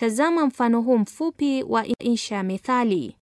Tazama mfano huu mfupi wa insha methali.